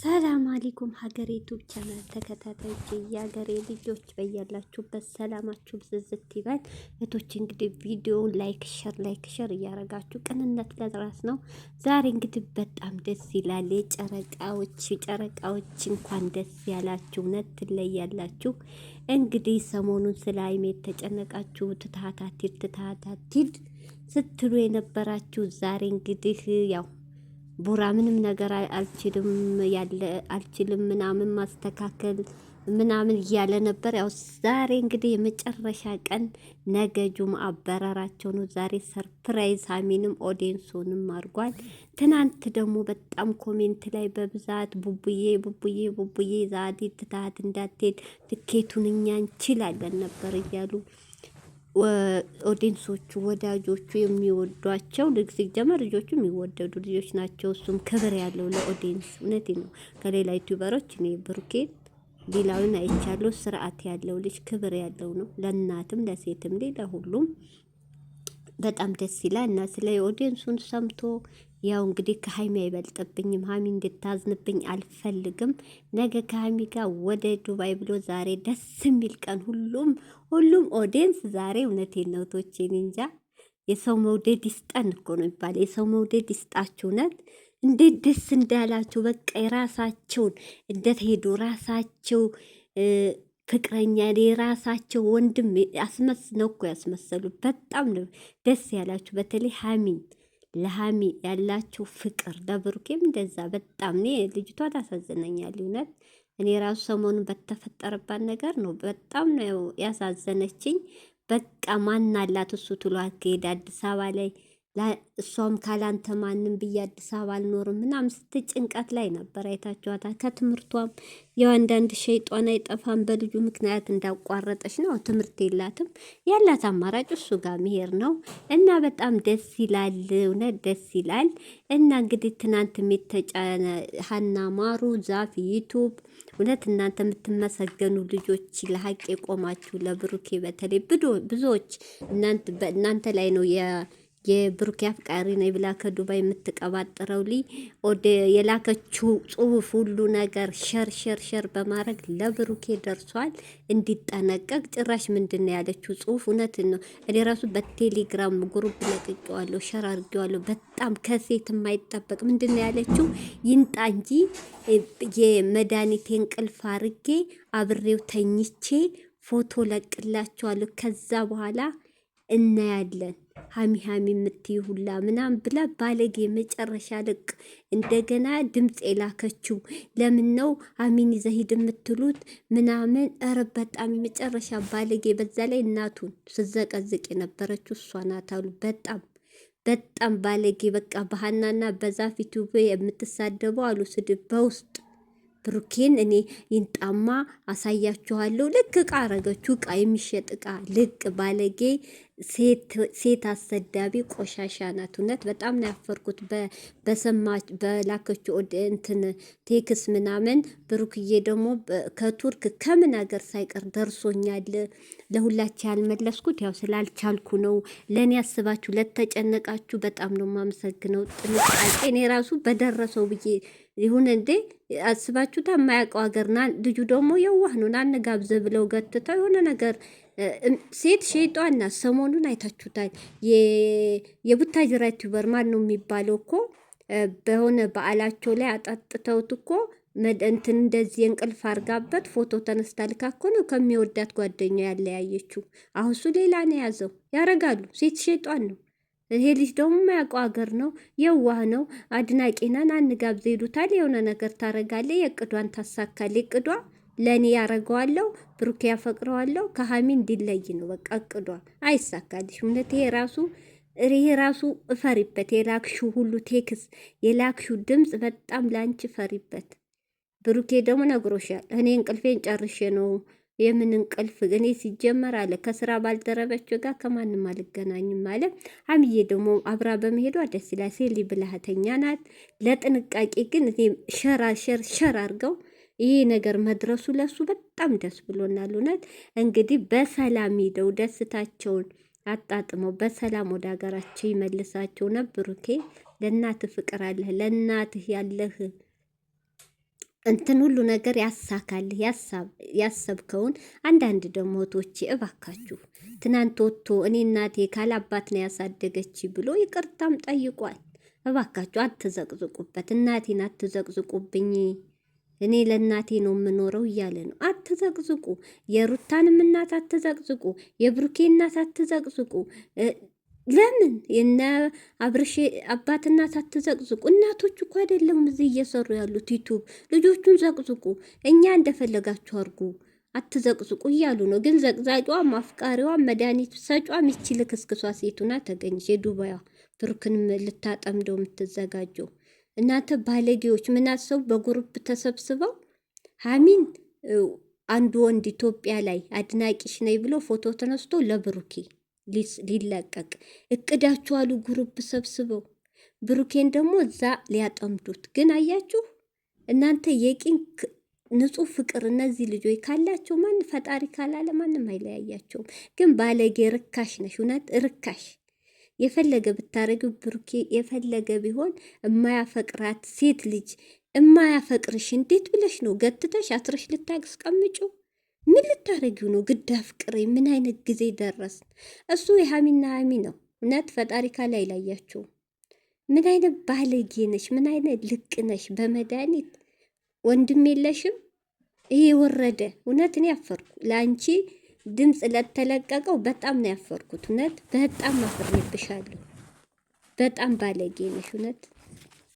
ሰላም አለይኩም ሀገሬ ዩቱብ ቻናል ተከታታዮች የሀገሬ ልጆች በያላችሁበት ሰላማችሁ ብዝዝት ይበል። እህቶች እንግዲህ ቪዲዮውን ላይክ ሸር ላይክ ሸር እያረጋችሁ ቅንነት ለራስ ነው። ዛሬ እንግዲህ በጣም ደስ ይላል። የጨረቃዎች ጨረቃዎች እንኳን ደስ ያላችሁ፣ እውነት ትለያላችሁ። እንግዲህ ሰሞኑን ስለ ሀይሜ የተጨነቃችሁ ትታታቲድ ትታታቲል ስትሉ የነበራችሁ ዛሬ እንግዲህ ያው ቡራ ምንም ነገር አልችልም ያለ አልችልም ምናምን ማስተካከል ምናምን እያለ ነበር። ያው ዛሬ እንግዲህ የመጨረሻ ቀን ነገ ጁምአ አበረራቸው ነው። ዛሬ ሰርፕራይዝ አሚንም ኦዲየንሱንም አድርጓል። ትናንት ደግሞ በጣም ኮሜንት ላይ በብዛት ቡቡዬ ቡቡዬ ቡቡዬ ዛዲ ትታት እንዳትሄድ ትኬቱን እኛ እንችላለን ነበር እያሉ ኦዲንሶቹ ወዳጆቹ የሚወዷቸው ጀመር ልጆቹ የሚወደዱ ልጆች ናቸው። እሱም ክብር ያለው ለኦዲንስ እውነት ነው። ከሌላ ዩቲዩበሮች እኔ ብሩኬን ሌላውን አይቻለሁ። ስርዓት ያለው ልጅ ክብር ያለው ነው። ለእናትም ለሴትም፣ ሌላ ሁሉም በጣም ደስ ይላል እና ስለ ኦዲንሱን ሰምቶ ያው እንግዲህ ከሀይሚ አይበልጥብኝም፣ ሀሚ እንድታዝንብኝ አልፈልግም። ነገ ከሀሚ ጋር ወደ ዱባይ ብሎ ዛሬ ደስ የሚል ቀን ሁሉም ሁሉም ኦዲየንስ ዛሬ እውነቴን ነው ቶቼን እንጃ የሰው መውደድ ይስጠን እኮ ነው ይባል። የሰው መውደድ ይስጣችሁ ነት እንዴት ደስ እንዳላችሁ። በቃ የራሳቸውን እንደተሄዱ ራሳቸው ፍቅረኛ የራሳቸው ወንድም አስመስ ነው እኮ ያስመሰሉ። በጣም ነው ደስ ያላችሁ። በተለይ ሀሚን ለሀሚ ያላቸው ፍቅር ለብሩኬም እንደዛ በጣም እኔ ልጅቷ ታሳዝነኛል። እውነት እኔ ራሱ ሰሞኑን በተፈጠረባት ነገር ነው በጣም ነው ያሳዘነችኝ። በቃ ማናላት እሱ ትሏት ከሄደ አዲስ አበባ ላይ እሷም ካላንተ ማንም ብዬ አዲስ አበባ አልኖርም ምናምን ስትል ጭንቀት ላይ ነበር። አይታችኋታል። ከትምህርቷም የአንዳንድ ሸይጧን አይጠፋም በልጁ ምክንያት እንዳቋረጠች ነው። ትምህርት የላትም ያላት አማራጭ እሱ ጋር መሄድ ነው። እና በጣም ደስ ይላል፣ እውነት ደስ ይላል። እና እንግዲህ ትናንት የተጫነ ሀና ማሩ ዛፍ ዩቱብ እውነት እናንተ የምትመሰገኑ ልጆች ለሀቅ የቆማችሁ ለብሩኬ በተለይ ብዙዎች እናንተ ላይ ነው የብሩኬ አፍቃሪ ነው ብላ ከዱባይ የምትቀባጥረው ልይ ወደ የላከችው ጽሁፍ ሁሉ ነገር ሸር ሸር ሸር በማድረግ ለብሩኬ ደርሷል፣ እንዲጠነቀቅ ጭራሽ ምንድን ነው ያለችው ጽሁፍ? እውነትን ነው። እኔ ራሱ በቴሌግራም ግሩፕ ለቅቄዋለሁ፣ ሸር አድርጌዋለሁ። በጣም ከሴት የማይጠበቅ ምንድን ነው ያለችው? ይንጣ እንጂ የመድኃኒቴን ቅልፍ አርጌ አብሬው ተኝቼ ፎቶ ለቅላቸዋለሁ ከዛ በኋላ እናያለን ሀሚ ሀሚ የምትይ ሁላ ምናምን ብላ ባለጌ መጨረሻ ልቅ እንደገና ድምፅ የላከችው ለምን ነው አሚን ዘሂድ የምትሉት ምናምን ኧረ በጣም የመጨረሻ ባለጌ። በዛ ላይ እናቱን ስዘቀዝቅ የነበረችው እሷ ናት አሉ። በጣም በጣም ባለጌ። በቃ ባህናና በዛፍ የምትሳደበው አሉ ስድብ በውስጥ ብሩኬን እኔ ይንጣማ አሳያችኋለሁ። ልክ እቃ አረገችው እቃ የሚሸጥ እቃ ልቅ ባለጌ ሴት አሰዳቢ ቆሻሻ ናት። እውነት በጣም ነው ያፈርኩት። በሰማች በላከችው እንትን ቴክስ ምናምን ብሩክዬ ደግሞ ከቱርክ ከምን ሀገር ሳይቀር ደርሶኛል። ለሁላችሁ ያልመለስኩት ያው ስላልቻልኩ ነው። ለእኔ አስባችሁ ለተጨነቃችሁ በጣም ነው የማመሰግነው። ጥንቃቄ እኔ ራሱ በደረሰው ብዬ ይሁን እንዴ አስባችሁታ የማያውቀው ሀገርና ና ልጁ ደግሞ የዋህ ነው። ናንጋብዘ ብለው ገትተው የሆነ ነገር ሴት ሸይጧና ሰሞኑን አይታችሁታል። የቡታጅራ ዩቲዩበር ማን ነው የሚባለው እኮ በሆነ በዓላቸው ላይ አጣጥተውት እኮ መደንትን እንደዚህ እንቅልፍ አርጋበት ፎቶ ተነስታ ልካ እኮ ነው ከሚወዳት ጓደኛው ያለያየችው። አሁን እሱ ሌላ ነው የያዘው። ያረጋሉ። ሴት ሸይጧን ነው። ይሄ ልጅ ደግሞ የማያውቀው ሀገር ነው፣ የዋህ ነው። አድናቂናን አንጋብዘ ይሉታል። የሆነ ነገር ታረጋለ፣ የቅዷን ታሳካል። እቅዷ ለእኔ ያረገዋለው፣ ብሩኬ ያፈቅረዋለው፣ ከሀሚ እንዲለይ ነው በቃ እቅዷ። አይሳካልሽ እምነት ይሄ ራሱ ይሄ ራሱ እፈሪበት። የላክሹ ሁሉ ቴክስ፣ የላክሹ ድምፅ በጣም ለአንቺ እፈሪበት። ብሩኬ ደግሞ ነግሮሻል፣ እኔ እንቅልፌን ጨርሼ ነው የምን እንቅልፍ እኔ ሲጀመር አለ ከስራ ባልደረበችው ጋር ከማንም አልገናኝም አለ። አምዬ ደግሞ አብራ በመሄዷ ደስ ይላል። ሴሊ ብልሃተኛ ናት። ለጥንቃቄ ግን እኔ ሸራ ሸር ሸር አድርገው ይሄ ነገር መድረሱ ለሱ በጣም ደስ ብሎናል። እውነት እንግዲህ በሰላም ሂደው ደስታቸውን አጣጥመው በሰላም ወደ ሀገራቸው ይመልሳቸው። ነብሩኬ ለእናትህ ፍቅር አለህ፣ ለእናትህ ያለህ እንትን ሁሉ ነገር ያሳካል ያሰብከውን። አንዳንድ ደግሞ እህቶቼ እባካችሁ ትናንት ወጥቶ እኔ እናቴ ካላባት ነው ያሳደገች ብሎ ይቅርታም ጠይቋል። እባካችሁ አትዘቅዝቁበት፣ እናቴን አትዘቅዝቁብኝ፣ እኔ ለእናቴ ነው የምኖረው እያለ ነው። አትዘቅዝቁ፣ የሩታንም እናት አትዘቅዝቁ፣ የብሩኬ እናት አትዘቅዝቁ። ለምን የነ አብርሽ አባትና እናት እናቶች እኮ አይደለም እዚህ እየሰሩ ያሉት ዩቱብ። ልጆቹን ዘቅዝቁ፣ እኛ እንደፈለጋችሁ አርጉ፣ አትዘቅዝቁ እያሉ ነው። ግን ዘቅዛቂዋ፣ አፍቃሪዋ፣ መድኃኒት ሰጫዋ ሚቺ ልክስክሷ ሴቱና ተገኘች። የዱባያ ብሩክን ልታጠምደው የምትዘጋጀው እናንተ ባለጌዎች ምን አሰቡ? በጉሩፕ ተሰብስበው ሀሚን አንዱ ወንድ ኢትዮጵያ ላይ አድናቂሽ ነይ ብሎ ፎቶ ተነስቶ ለብሩኬ ሊለቀቅ እቅዳችሁ አሉ ጉሩብ ሰብስበው ብሩኬን ደግሞ እዛ ሊያጠምዱት። ግን አያችሁ እናንተ የቂን ንጹህ ፍቅር እነዚህ ልጆች ካላቸው ማን ፈጣሪ ካላለ ማንም አይለያያቸውም። ግን ባለጌ ርካሽ ነሽ፣ እውነት ርካሽ። የፈለገ ብታረጊው ብሩኬ የፈለገ ቢሆን እማያፈቅራት ሴት ልጅ እማያፈቅርሽ እንዴት ብለሽ ነው ገትተሽ አስረሽ ልታስቀምጪው? ምን ልታረጊው ነው? ግድ አፍቅሬ ምን አይነት ጊዜ ደረስ እሱ የሃሚና ሀሚ ነው። እውነት ፈጣሪ ካለ አይለያችሁም። ምን አይነት ባለጌ ነሽ? ምን አይነት ልቅ ነሽ? በመድኃኒት ወንድም የለሽም። ይሄ ወረደ። እውነት እኔ ያፈርኩ ለአንቺ ድምፅ ለተለቀቀው በጣም ነው ያፈርኩት። እውነት በጣም አፍሬብሻለሁ። በጣም ባለጌ ነሽ እውነት